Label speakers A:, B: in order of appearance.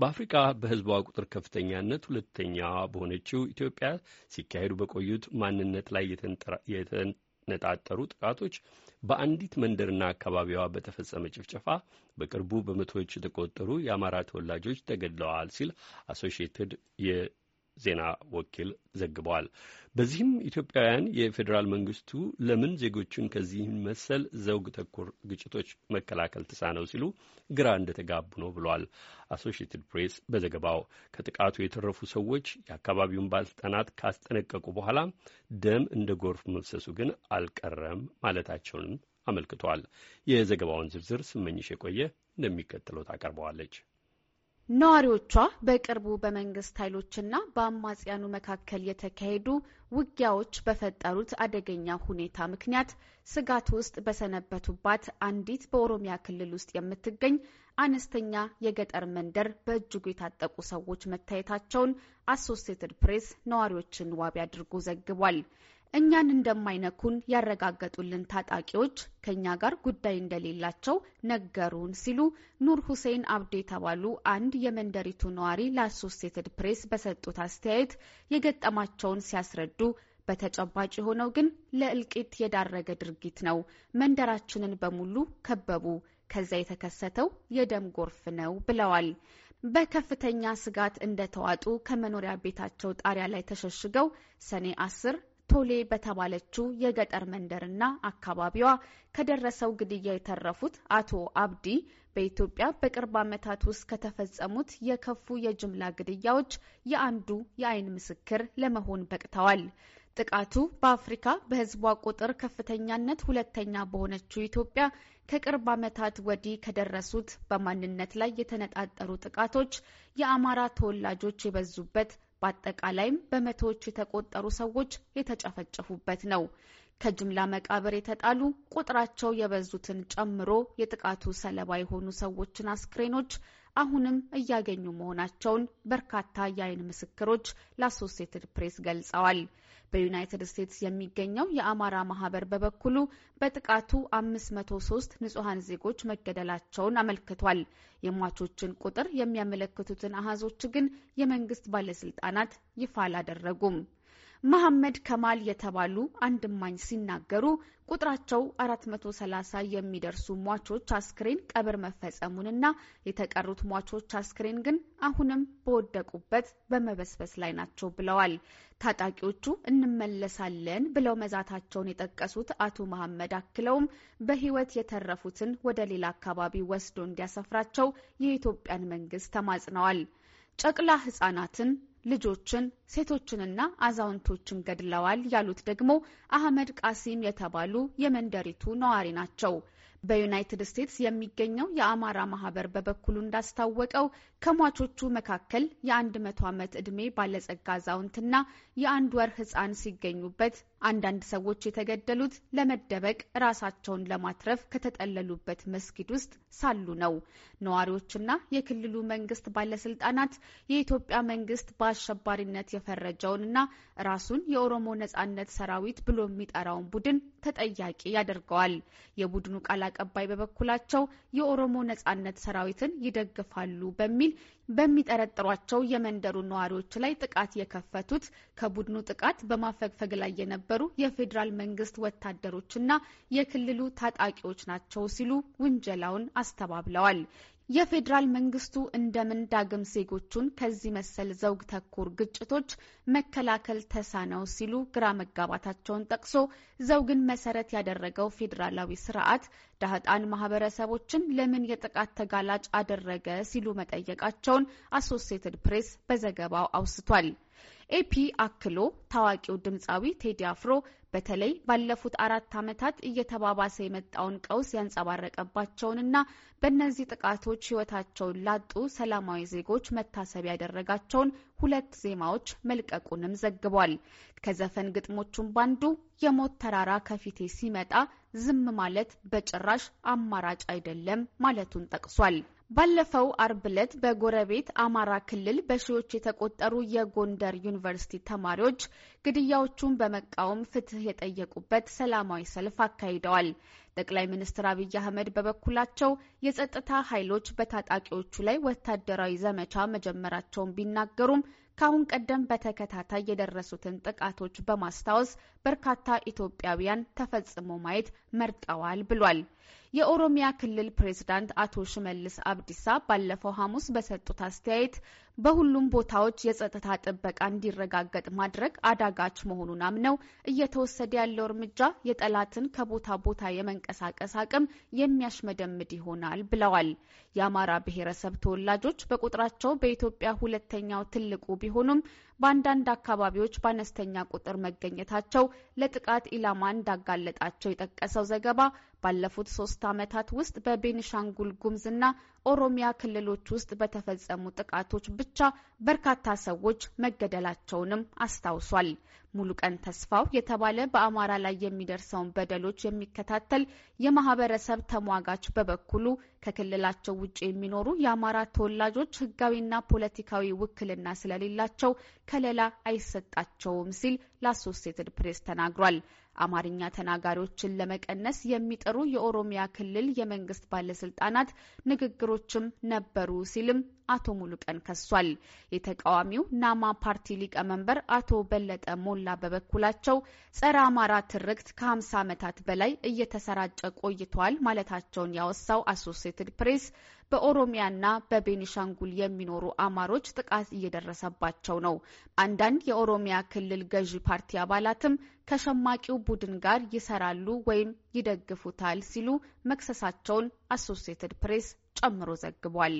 A: በአፍሪካ በህዝቧ ቁጥር ከፍተኛነት ሁለተኛዋ በሆነችው ኢትዮጵያ ሲካሄዱ በቆዩት ማንነት ላይ የተነጣጠሩ ጥቃቶች በአንዲት መንደርና አካባቢዋ በተፈጸመ ጭፍጨፋ በቅርቡ በመቶዎች የተቆጠሩ የአማራ ተወላጆች ተገድለዋል ሲል አሶሺየትድ ዜና ወኪል ዘግቧል። በዚህም ኢትዮጵያውያን የፌዴራል መንግስቱ ለምን ዜጎቹን ከዚህን መሰል ዘውግ ተኮር ግጭቶች መከላከል ተሳነው ሲሉ ግራ እንደተጋቡ ነው ብሏል አሶሺየትድ ፕሬስ በዘገባው። ከጥቃቱ የተረፉ ሰዎች የአካባቢውን ባለስልጣናት ካስጠነቀቁ በኋላ ደም እንደ ጎርፍ መፍሰሱ ግን አልቀረም ማለታቸውንም አመልክቷል። የዘገባውን ዝርዝር ስመኝሽ የቆየ እንደሚከተለው ታቀርበዋለች።
B: ነዋሪዎቿ በቅርቡ በመንግስት ኃይሎችና በአማጽያኑ መካከል የተካሄዱ ውጊያዎች በፈጠሩት አደገኛ ሁኔታ ምክንያት ስጋት ውስጥ በሰነበቱባት አንዲት በኦሮሚያ ክልል ውስጥ የምትገኝ አነስተኛ የገጠር መንደር በእጅጉ የታጠቁ ሰዎች መታየታቸውን አሶሴትድ ፕሬስ ነዋሪዎችን ዋቢ አድርጎ ዘግቧል። እኛን እንደማይነኩን ያረጋገጡልን ታጣቂዎች ከእኛ ጋር ጉዳይ እንደሌላቸው ነገሩን ሲሉ ኑር ሁሴን አብዶ የተባሉ አንድ የመንደሪቱ ነዋሪ ለአሶሴትድ ፕሬስ በሰጡት አስተያየት የገጠማቸውን ሲያስረዱ በተጨባጭ የሆነው ግን ለእልቂት የዳረገ ድርጊት ነው። መንደራችንን በሙሉ ከበቡ። ከዛ የተከሰተው የደም ጎርፍ ነው ብለዋል። በከፍተኛ ስጋት እንደተዋጡ ከመኖሪያ ቤታቸው ጣሪያ ላይ ተሸሽገው ሰኔ 10 ቶሌ በተባለችው የገጠር መንደርና አካባቢዋ ከደረሰው ግድያ የተረፉት አቶ አብዲ በኢትዮጵያ በቅርብ ዓመታት ውስጥ ከተፈጸሙት የከፉ የጅምላ ግድያዎች የአንዱ የአይን ምስክር ለመሆን በቅተዋል። ጥቃቱ በአፍሪካ በሕዝቧ ቁጥር ከፍተኛነት ሁለተኛ በሆነችው ኢትዮጵያ ከቅርብ ዓመታት ወዲህ ከደረሱት በማንነት ላይ የተነጣጠሩ ጥቃቶች የአማራ ተወላጆች የበዙበት በአጠቃላይም በመቶዎች የተቆጠሩ ሰዎች የተጨፈጨፉበት ነው። ከጅምላ መቃብር የተጣሉ ቁጥራቸው የበዙትን ጨምሮ የጥቃቱ ሰለባ የሆኑ ሰዎችን አስክሬኖች አሁንም እያገኙ መሆናቸውን በርካታ የአይን ምስክሮች ለአሶሴትድ ፕሬስ ገልጸዋል። በዩናይትድ ስቴትስ የሚገኘው የአማራ ማህበር በበኩሉ በጥቃቱ 503 ንጹሐን ዜጎች መገደላቸውን አመልክቷል። የሟቾችን ቁጥር የሚያመለክቱትን አሃዞች ግን የመንግስት ባለስልጣናት ይፋ አላደረጉም። መሐመድ ከማል የተባሉ አንድ እማኝ ሲናገሩ ቁጥራቸው 430 የሚደርሱ ሟቾች አስክሬን ቀብር መፈጸሙንና የተቀሩት ሟቾች አስክሬን ግን አሁንም በወደቁበት በመበስበስ ላይ ናቸው ብለዋል። ታጣቂዎቹ እንመለሳለን ብለው መዛታቸውን የጠቀሱት አቶ መሐመድ አክለውም በሕይወት የተረፉትን ወደ ሌላ አካባቢ ወስዶ እንዲያሰፍራቸው የኢትዮጵያን መንግስት ተማጽነዋል። ጨቅላ ህጻናትን ልጆችን ሴቶችንና አዛውንቶችን ገድለዋል ያሉት ደግሞ አህመድ ቃሲም የተባሉ የመንደሪቱ ነዋሪ ናቸው። በዩናይትድ ስቴትስ የሚገኘው የአማራ ማህበር በበኩሉ እንዳስታወቀው ከሟቾቹ መካከል የአንድ መቶ ዓመት ዕድሜ ባለጸጋ አዛውንትና የአንድ ወር ህፃን ሲገኙበት አንዳንድ ሰዎች የተገደሉት ለመደበቅ ራሳቸውን ለማትረፍ ከተጠለሉበት መስጊድ ውስጥ ሳሉ ነው። ነዋሪዎችና የክልሉ መንግስት ባለስልጣናት የኢትዮጵያ መንግስት በአሸባሪነት የፈረጀውንና ራሱን የኦሮሞ ነጻነት ሰራዊት ብሎ የሚጠራውን ቡድን ተጠያቂ ያደርገዋል። የቡድኑ ቃል አቀባይ በበኩላቸው የኦሮሞ ነጻነት ሰራዊትን ይደግፋሉ በሚል በሚጠረጥሯቸው የመንደሩ ነዋሪዎች ላይ ጥቃት የከፈቱት ከቡድኑ ጥቃት በማፈግፈግ ላይ የነበሩ የፌዴራል መንግስት ወታደሮችና የክልሉ ታጣቂዎች ናቸው ሲሉ ውንጀላውን አስተባብለዋል። የፌዴራል መንግስቱ እንደምን ዳግም ዜጎቹን ከዚህ መሰል ዘውግ ተኮር ግጭቶች መከላከል ተሳነው ሲሉ ግራ መጋባታቸውን ጠቅሶ ዘውግን መሰረት ያደረገው ፌዴራላዊ ስርዓት ዳህጣን ማህበረሰቦችን ለምን የጥቃት ተጋላጭ አደረገ ሲሉ መጠየቃቸውን አሶሲየትድ ፕሬስ በዘገባው አውስቷል። ኤፒ አክሎ ታዋቂው ድምፃዊ ቴዲ አፍሮ በተለይ ባለፉት አራት ዓመታት እየተባባሰ የመጣውን ቀውስ ያንጸባረቀባቸውንና በእነዚህ ጥቃቶች ሕይወታቸውን ላጡ ሰላማዊ ዜጎች መታሰብ ያደረጋቸውን ሁለት ዜማዎች መልቀቁንም ዘግቧል። ከዘፈን ግጥሞቹም ባንዱ የሞት ተራራ ከፊቴ ሲመጣ ዝም ማለት በጭራሽ አማራጭ አይደለም ማለቱን ጠቅሷል። ባለፈው አርብ ዕለት በጎረቤት አማራ ክልል በሺዎች የተቆጠሩ የጎንደር ዩኒቨርሲቲ ተማሪዎች ግድያዎቹን በመቃወም ፍትህ የጠየቁበት ሰላማዊ ሰልፍ አካሂደዋል። ጠቅላይ ሚኒስትር አብይ አህመድ በበኩላቸው የጸጥታ ኃይሎች በታጣቂዎቹ ላይ ወታደራዊ ዘመቻ መጀመራቸውን ቢናገሩም ከአሁን ቀደም በተከታታይ የደረሱትን ጥቃቶች በማስታወስ በርካታ ኢትዮጵያውያን ተፈጽሞ ማየት መርጠዋል ብሏል። የኦሮሚያ ክልል ፕሬዝዳንት አቶ ሽመልስ አብዲሳ ባለፈው ሐሙስ በሰጡት አስተያየት በሁሉም ቦታዎች የጸጥታ ጥበቃ እንዲረጋገጥ ማድረግ አዳጋች መሆኑን አምነው እየተወሰደ ያለው እርምጃ የጠላትን ከቦታ ቦታ የመንቀሳቀስ አቅም የሚያሽመደምድ ይሆናል ብለዋል። የአማራ ብሔረሰብ ተወላጆች በቁጥራቸው በኢትዮጵያ ሁለተኛው ትልቁ ቢሆኑም በአንዳንድ አካባቢዎች በአነስተኛ ቁጥር መገኘታቸው ለጥቃት ኢላማ እንዳጋለጣቸው የጠቀሰው ዘገባ ባለፉት ሶስት ዓመታት ውስጥ በቤኒሻንጉል ጉምዝና ኦሮሚያ ክልሎች ውስጥ በተፈጸሙ ጥቃቶች ብቻ በርካታ ሰዎች መገደላቸውንም አስታውሷል። ሙሉቀን ተስፋው የተባለ በአማራ ላይ የሚደርሰውን በደሎች የሚከታተል የማህበረሰብ ተሟጋች በበኩሉ ከክልላቸው ውጭ የሚኖሩ የአማራ ተወላጆች ሕጋዊና ፖለቲካዊ ውክልና ስለሌላቸው ከለላ አይሰጣቸውም ሲል ለአሶሴትድ ፕሬስ ተናግሯል። አማርኛ ተናጋሪዎችን ለመቀነስ የሚጠሩ የኦሮሚያ ክልል የመንግስት ባለስልጣናት ንግግሮችም ነበሩ ሲልም አቶ ሙሉቀን ከሷል። የተቃዋሚው ናማ ፓርቲ ሊቀመንበር አቶ በለጠ ሞላ በበኩላቸው ጸረ አማራ ትርክት ከ50 ዓመታት በላይ እየተሰራጨ ቆይተዋል ማለታቸውን ያወሳው አሶሴትድ ፕሬስ በኦሮሚያና በቤኒሻንጉል የሚኖሩ አማሮች ጥቃት እየደረሰባቸው ነው። አንዳንድ የኦሮሚያ ክልል ገዢ ፓርቲ አባላትም ከሸማቂው ቡድን ጋር ይሰራሉ ወይም ይደግፉታል ሲሉ መክሰሳቸውን አሶሴትድ ፕሬስ ጨምሮ ዘግቧል።